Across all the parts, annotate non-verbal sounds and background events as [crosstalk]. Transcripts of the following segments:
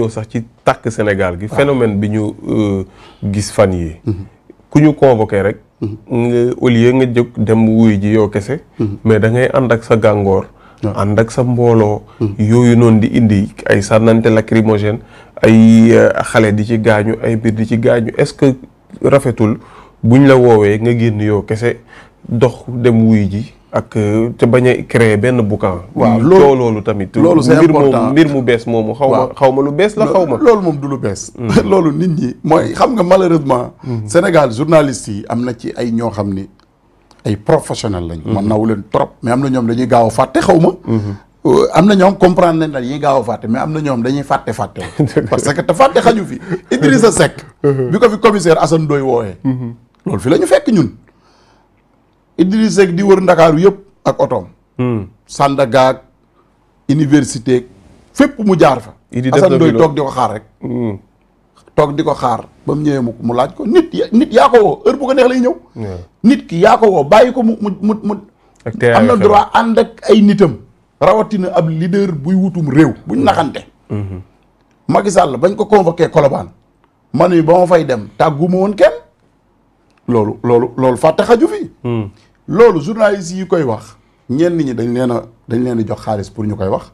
ñëw sax ci tàkk Sénégal gi phénomène bi ñu euh, gis fan yi mm-hmm. ku ñu convoqué rek mm-hmm. nga au lieu nga jóg dem wuy ji yow kese mm-hmm. mais da ngay ànd ak sa gàngoor ànd ak sa mbooloo yooyu noonu di indi ay sànnante lacrymogène ay euh, xale di ci gaañu ay biir di ci gaañu est-ce que rafetul buñ la woowee nga génn yow kese dox dem wuy ji ak euh, te bañ a créer benn boucan. waaw loolu loolu tamit. Euh, loolu c'est important mbir mu bees moomu. xaw ma xaw ma lu bees la xaw ma. loolu moom du lu bees. Hmm. [laughs] loolu nit ñi mooy xam nga malheureusement. Hmm. Sénégal journalistes yi am na ci ay ñoo xam ni ay professionnels lañ. Hmm. man naw leen trop mais am na ñoom dañuy gaaw a fàtte xaw ma. Euh, am na ñoom comprendre nañ la dañuy gaaw a fàtte mais am na dañuy fàtte fàtte. [laughs] parce que te fàtte xaju fi [laughs] Idrissa Seck. bi ko fi commissaire Assane Ndoye wooyee. loolu fi la ñu fekk ñun. Idriss Seck di wër ndakaaru yëpp ak otoom. Hmm. Sandaga ak université fépp mu jaar fa. Assane Ndoye toog di ko xaar rek. Hmm. toog di ko xaar ba mu ñëwee mu laaj ko nit nit yaa ko woo heure bu ko neex lay ñëw. nit ki yaa ko woo bàyyi ko mu mu mu mu. am na droit ay nitam. rawatina ab leader buy wutum réew buñ hmm. naxante. Macky bañ ko convoqué Colobane man yi ba ma fay dem tàggu ma woon kenn loolu loolu loolu fàtte xaju fi. loolu journaliste yi koy wax ñenn ñi dañ leen a dañ leen di jox xaalis pour ñu koy wax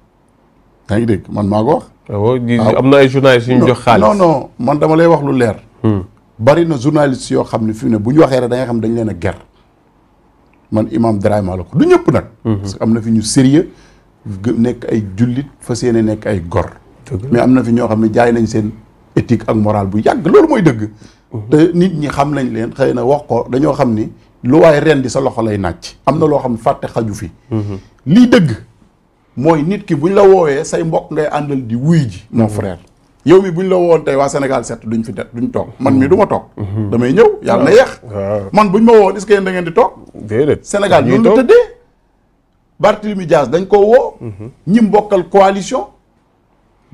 yaa ngi dégg man maa ko wax. Ah ah. am na ay journalistes yu ñu jox xaalis. non non man dama lay wax lu leer. Hmm. bari na journaliste yoo xam ne fii ne bu ñu waxee rek da nga xam dañ leen a ger man imam Dramé la ko du ñëpp nag. Hmm. parce que am na fi ñu sérieux nekk ay jullit fa yéene nekk ay gor. mais am na fi ñoo xam ne jaay nañ seen éthique ak morale bu yàgg loolu mooy dëgg. Hmm. te nit ñi xam nañ leen xëy na wax ko dañoo xam ni lu waaye ren di sa loxo lay nàcc am na loo xam ne fàtte xaju fi lii dëgg mooy nit ki bu ñu la woowee say mbokk ngay àndal di wuy ji mon frère yow mi bu ñu la woon tey waa Sénégal set duñ fi det duñ toog man mi du ma toog damay ñëw yàlla na yeex man bu ñu ma woow est-ce que yéen da ngeen di toog déedéet Sénégal ñun la tëddee Barthélemy Dias dañ ko woo mhm. ñi mbokkal coalition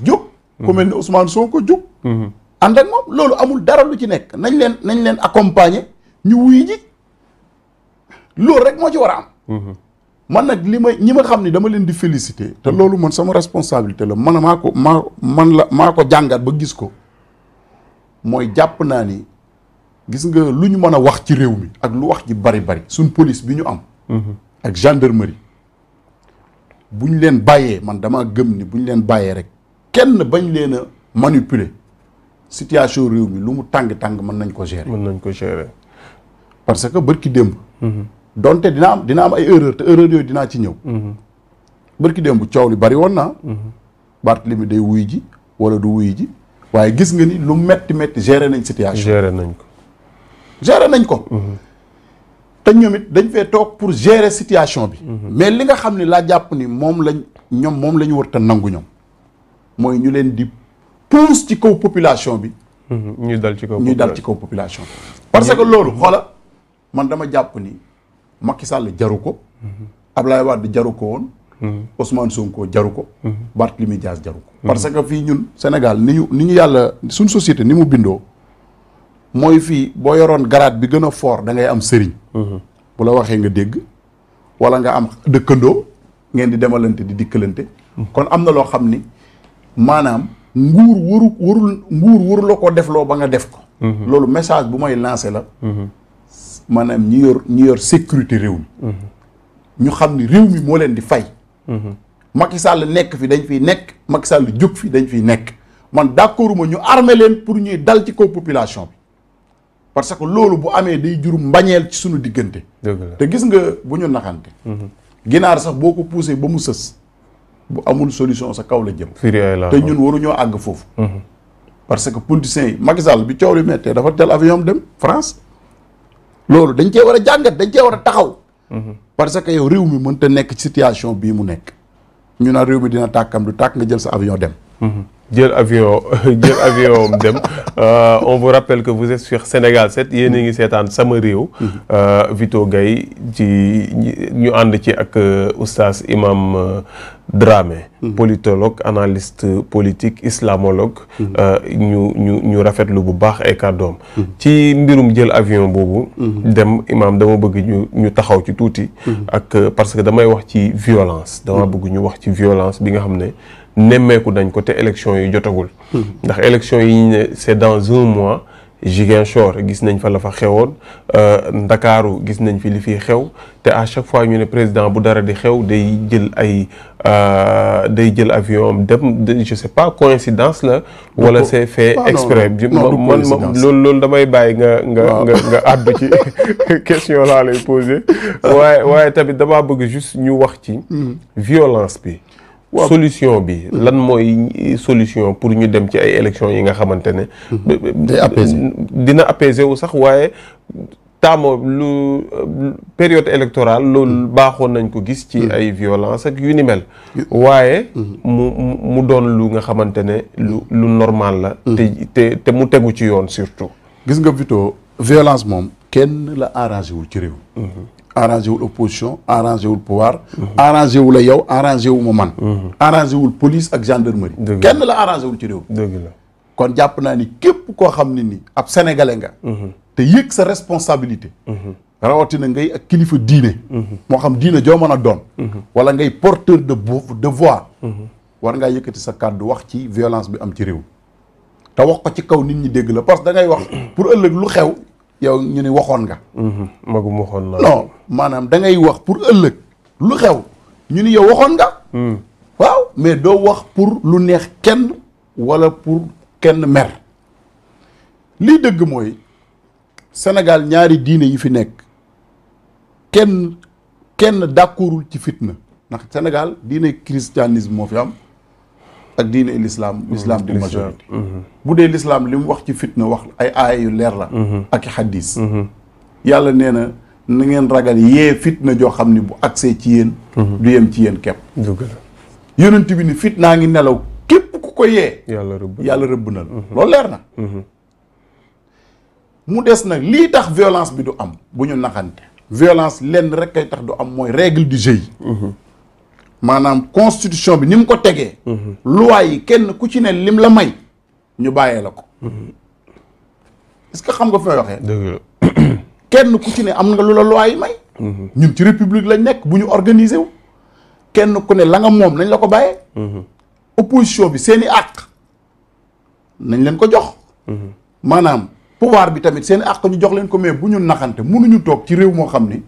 jóg ku mhm. mel ne soo ko jóg ànd ak moom loolu amul dara lu ci nekk nañ leen nañ leen accompagner ñu loolu rek moo ci war a am. Mhm. man nag li may ñi ma xam ni dama leen di féliciter te mhm. loolu man sama responsabilité la man maa ko maa man la maa ko jàngat ba gis ko mooy jàpp naa ni gis nga lu ñu mën a wax ci réew mi ak lu wax ji bari bari suñ police bi ñu am. Mhm. ak gendarmerie bu ñu leen bàyyee man dama gëm ni bu ñu leen bàyyee rek kenn bañ leen a manipuler situation réew mi lu mu tàng tàng mën nañ ko gérer. mën nañ ko gérer parce que bërki démb. donte dina am dina am ay erreur te erreur yooyu dinaa ci ñëw. Mhm. bërki démb coow li bari woon naa. Mhm. Barthélemy day wuy ji wala du wuy ji waaye gis nga ni lu metti metti gere nañ situation. géré nañ ko. géré nañ ko. Mhm. te ñoom it dañ fee toog pour gere situation bi. mais li nga xam ne laa jàpp ni moom lañ ñoom moom la ñu war te nangu ñoom mooy ñu leen di pousse ci kaw population bi. ñuy dal ci kaw population ñuy dal population parce que loolu xoola man dama jàpp ni. Macky Sall jaru ko. lay Wade jaru ko woon. Ousmane Sonko jaru ko. Barthélémy Dias jaru ko. parce que fii ñun Sénégal ni ñu ñu yàlla suñ société ni mu bindoo mooy fii boo yoroon garaat bi gën a foor da ngay am sëriñ. bu la waxee nga dégg wala nga am dëkkandoo ngeen di demalante di dikkalante. kon am na loo xam ni maanaam nguur waru warul nguur waruloo ko defloo ba nga def ko. Mhm. loolu message bu may lancé la. Mhm. maanaam ñi yor ñi yor sécurité réew mi mhm. ñu xam ni réew mi moo leen di fay mhm. Macky Sall nekk fi dañ fiy nekk Macky Sall jóg fi dañ fi nekk man d'accorduma ñu armé leen pour ñuy dal ci kaw population bi parce que loolu bu amee day jurum mbañeel ci suñu diggante te gis nga bu ñu naxante mhm. ginaar sax boo ko poussé ba mu sës bu amul solution sa kaw la jëm te ñun waruñoo àgg foofu parce que politiciens yi Macky Sall bi coow li mettee dafa tel avion dem France loolu dañ cee war a jàngat dañ cee war a taxaw. Mhm. parce que yow réew mi mënta nekk ci situation bii mu nekk. ñu naan réew mi dina tàkkam lu tàkk nga jël sa avion dem. Mhm. jël avion [laughs] jël avion dem euh, on vous rappelle que vous êtes sur Sénégal 7 yéen a ngi seetaan sama réew. Euh, Vito Gaye ci ñu ànd ci ak euh, oustaz imam drame mhm. politologue analyste politique islamologue. Mhm. ñu ñu ñu rafetlu bu baax ay doom mhm. ci mbirum jël avion boobu. dem imam dama bëgg ñu ñu taxaw ci tuuti. ak parce que damay wax ci violence. dama bëgg ñu wax ci violence bi nga xam ne. nemmeeku dañ ko te élection yi jotagul. Hmm. ndax élection yi ne c'est dans un mois. Ziguinchor gis nañ fa la fa xewoon euh, Ndakaaru gis nañ fi li fiy xew te à chaque fois ñu ne président bu dara di xew day jël ay euh, day jël avion am dem je sais pas coïncidence la. wala c'est fait exprès. man man loolu loolu damay bàyyi nga nga nga nga àddu ci [laughs] question laa lay poser [laughs] waaye waaye tamit damaa bëgg juste ñu wax ci. Hmm. violence bi. solution bi lan mooy solution pour ñu dem ci ay élections yi nga xamante ne. Mhm. dina apaiser wu sax waaye taamoo lu période électorale loolu mhm. baaxoon nañ ko gis. ci mhm. ay violence ak yu ni mel. waaye. mu mu doon lu nga xamante ne lu lu normal la. te te mu tegu ci yoon surtout. gis nga Vito violence moom kenn la arrangé wu ci réew. arrangé wul opposition arrangé wul pouvoir. arrangé wu yow arrangé wu ma man. arrangé wul police ak gendarmerie. kenn la arrangé wul ci réew mi. kon jàpp naa ni képp koo xam ne ni ab sénégalais nga. Mhm. te yëg sa responsabilité. Mhm. rawatina ngay ak kilifa diine. Mhm. moo xam diine joo mën a doon. wala ngay porteur de de voix. war ngaa yëkkati sa kàddu wax ci violence bi am ci réew. te wax ko ci kaw nit ñi dégg la parce que da ngay wax pour ëllëg lu xew. yow ñu ni waxoon nga. Mhm, magum waxoon naa. maanaam dangay wax pour ëllëg lu xew ñu ni yow waxoon nga. Mhm. waaw mais doo wax pour lu neex kenn wala pour kenn mer lii dëgg mooy Sénégal ñaari diine yi fi nekk kenn kenn d'accordul ci fitna ndax Sénégal diine christianisme moo fi am. ak diine l'islam mm-hmm. lislaam du majorité mm-hmm. bu dee l'islam li mu wax ci fitna wax ay aaya yu leer la mm-hmm. ak i xaddis yàlla nee na na ngeen ragal yee fitna joo xam ni bu agsee ci yéen du yem ci yéen kepp yonent bi ni fitnaa ngi nelaw képp ku ko yee yàlla rëbb na la loolu leer na mu des nag lii tax violence bi du am bu ñu naxante violence lenn rek ay tax du am mooy règle du jeu maanaam constitution bi ni mu ko tegee loi yi kenn ku ci ne lim la may ñu bàyyee la ko est-ce que xam nga fi may waxee kenn ku ci ne am nga lu la loi yi may ñun ci république lañ nekk bu ñu organiser wu kenn ku ne la nga moom nañ la ko bàyyee opposition bi seen i àq nañ leen ko jox maanaam pouvoir bi tamit seen àq ñu jox leen ko mais bu ñu naxante mënuñu toog ci réew moo xam ni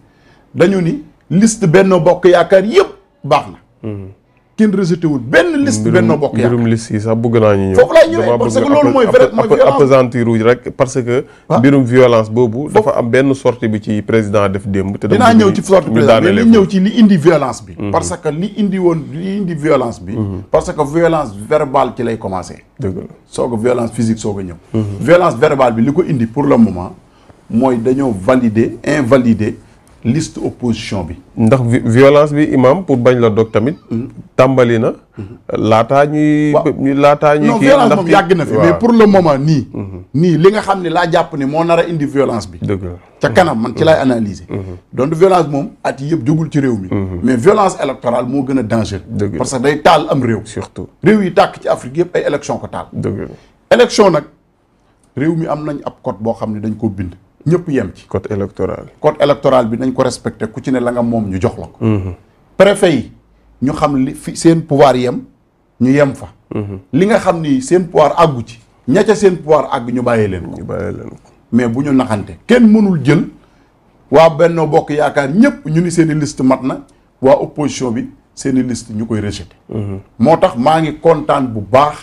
dañu ni liste Benno Bokk Yaakaar yëpp baax na kenn rejeté wul benn liste Benno Bokk Yaakaar mbirum liste yi sax bëgg naa ñu ñëw parce que loolu mooy vrai mooy rek parce que ah. mbirum violence boobu dafa am benn sortie bi ci président def démb te dinaa ñëw ci sortie président bi li ñëw ci li indi violence bi mhm. parce que li indi woon li indi violence bi mhm. parce que violence verbale ci lay commencé dëgg la soog a violence physique soog a ñëw mhm. violence verbale bi li ko indi pour le moment mooy dañoo valider invalider liste opposition bi. ndax violence bi imam pour bañ la doog tamit. Hmm. tàmbali na. Hmm. laataa ñuy. waaw laataa ñuy. non violence moom yàgg na fi mais pour le moment nii. Hmm. nii li nga xam ne laa jàpp ne moo nara a indi violence bi. dëgg la ca kanam man ci laay analyser. donc violence moom at yii yëpp jugul ci réew mi. mais violence électorale moo gën a danger. parce que day taal am réew. surtout réew yi tàkk ci Afrique yëpp ay élection ko taal. dëgg la élection nag réew mi am nañ ab code boo xam ne dañ koo bind. ñëpp yem ci. code électoral code électoral bi nañ ko respecté ku ci ne la nga moom ñu jox la ko. préfet yi ñu xam li fi seen pouvoir yem ñu yem fa. li nga xam ni seen pouvoir àggu ci. ña ca seen pouvoir àgg ñu bàyyee leen ko. ñu bàyyee ko mais bu ñu naxante kenn mënul jël waa Benno Bokk Yaakaar ñëpp ñu ni seen i liste mat na waa opposition bi seen i liste ñu koy rejeté. moo tax maa ngi kontaan bu baax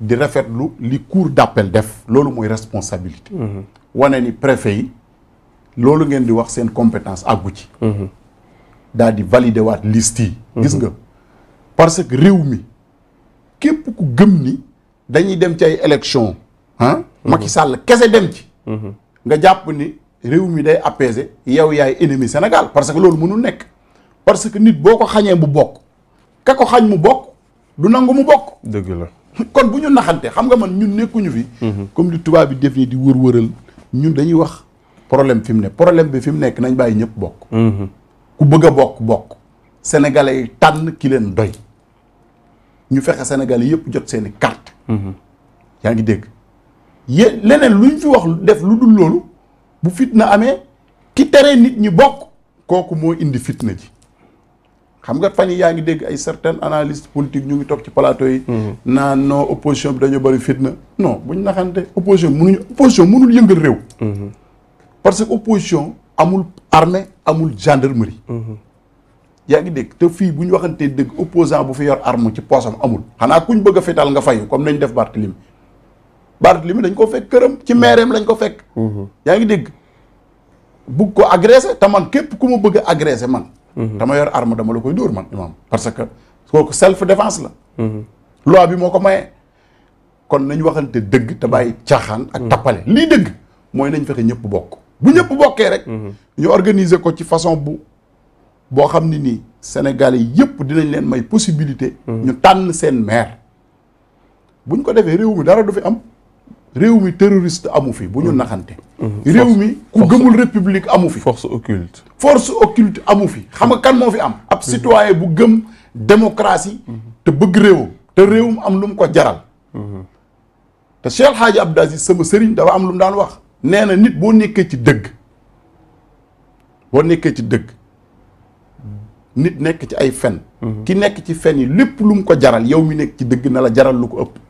di rafet lu li cour d'appel def loolu mooy responsabilité. wane ni préfet yi loolu ngeen di wax seen compétence àggu ci mhm. daal di valider waat liste yi mhm. gis nga parce que réew mi képp ku gëm ni dañuy dem ci ay élection ah mhm. Macky sàll kese dem ci nga jàpp ni réew mi day apaiser yow yaay ennemi Sénégal parce que loolu mënul nekk parce que nit boo ko xañee mu bokk ka ko xañ mu bokk du nangu mu bokk dëgg la kon bu ñu naxante xam nga man ñun nekkuñu fi comme li tubaab bi def yi di wër-wëral ñun dañuy wax problème fi mu ne problème bi fi mu nekk nañ bàyyi ñëpp bokk. Mhm. ku bëgg a bokk bokk. sénégalais yi tànn ki leen doy. ñu fexe sénégalais yëpp jot seeni carte mhm. yaa ngi dégg yé leneen luñ fi wax def lu dul loolu bu fitna amee ki tere nit ñi bokk kooku moo indi fitna ji. xam nga fan yaa ngi dégg ay certaines analystes politiques ñu ngi toog ci plateau yi. Mm-hmm. naan non opposition bi dañoo bëri fitna. non bu ñu naxante opposition mënuñu opposition munul yëngal réew. Mm-hmm. parce que opposition amul armée amul gendre gendarmerie. Mm-hmm. yaa ngi dégg te fii bu ñu waxantee dëgg opposant bu fi yor arme ci poosam amul. xanaa kuñ bëgg a fetal nga fayu comme nañ def Barthélemy Barthélemy dañ ko fekk këram ci meereem lañ ko fekk. yaa ngi dégg bugg ko agressé te man képp ku ma bëgg a agressé man. Mhm. dama yor arme dama la koy dóor man imam parce que kooku self défense la mhm. loi bi moo ko maye kon nañ waxante dëgg te bàyyi caaxaan ak mhm. tappale lii dëgg mooy lañ fexe ñëpp bokk bu ñëpp bokkee rek ñu organiser ko ci façon bu boo xam ne nii Sénégalais yëpp dinañ leen may possibilité ñu tànn seen maire buñ ko defee réew mi dara du fi am réew mi terroriste amu fi bu ñu mm. naxante. Mm. réew mi ku gëmul république amu fi. force occulte. force occulte amu fi xam nga kan moo fi am. ab mm. citoyen bu gëm démocratie. te bëgg réewam te réewum am lu mu ko jaral. Mm-hmm. te Cheikh Hadji Abdou Aziz sama sëriñ dafa am lu mu daan wax. nee na nit boo nekkee ci dëgg boo nekkee ci dëgg nit nekk ci ay fen mm-hmm. ki nekk ci fen yi lépp lu mu ko jaral yow mi nekk ci dëgg na la jaral lu ko ëpp.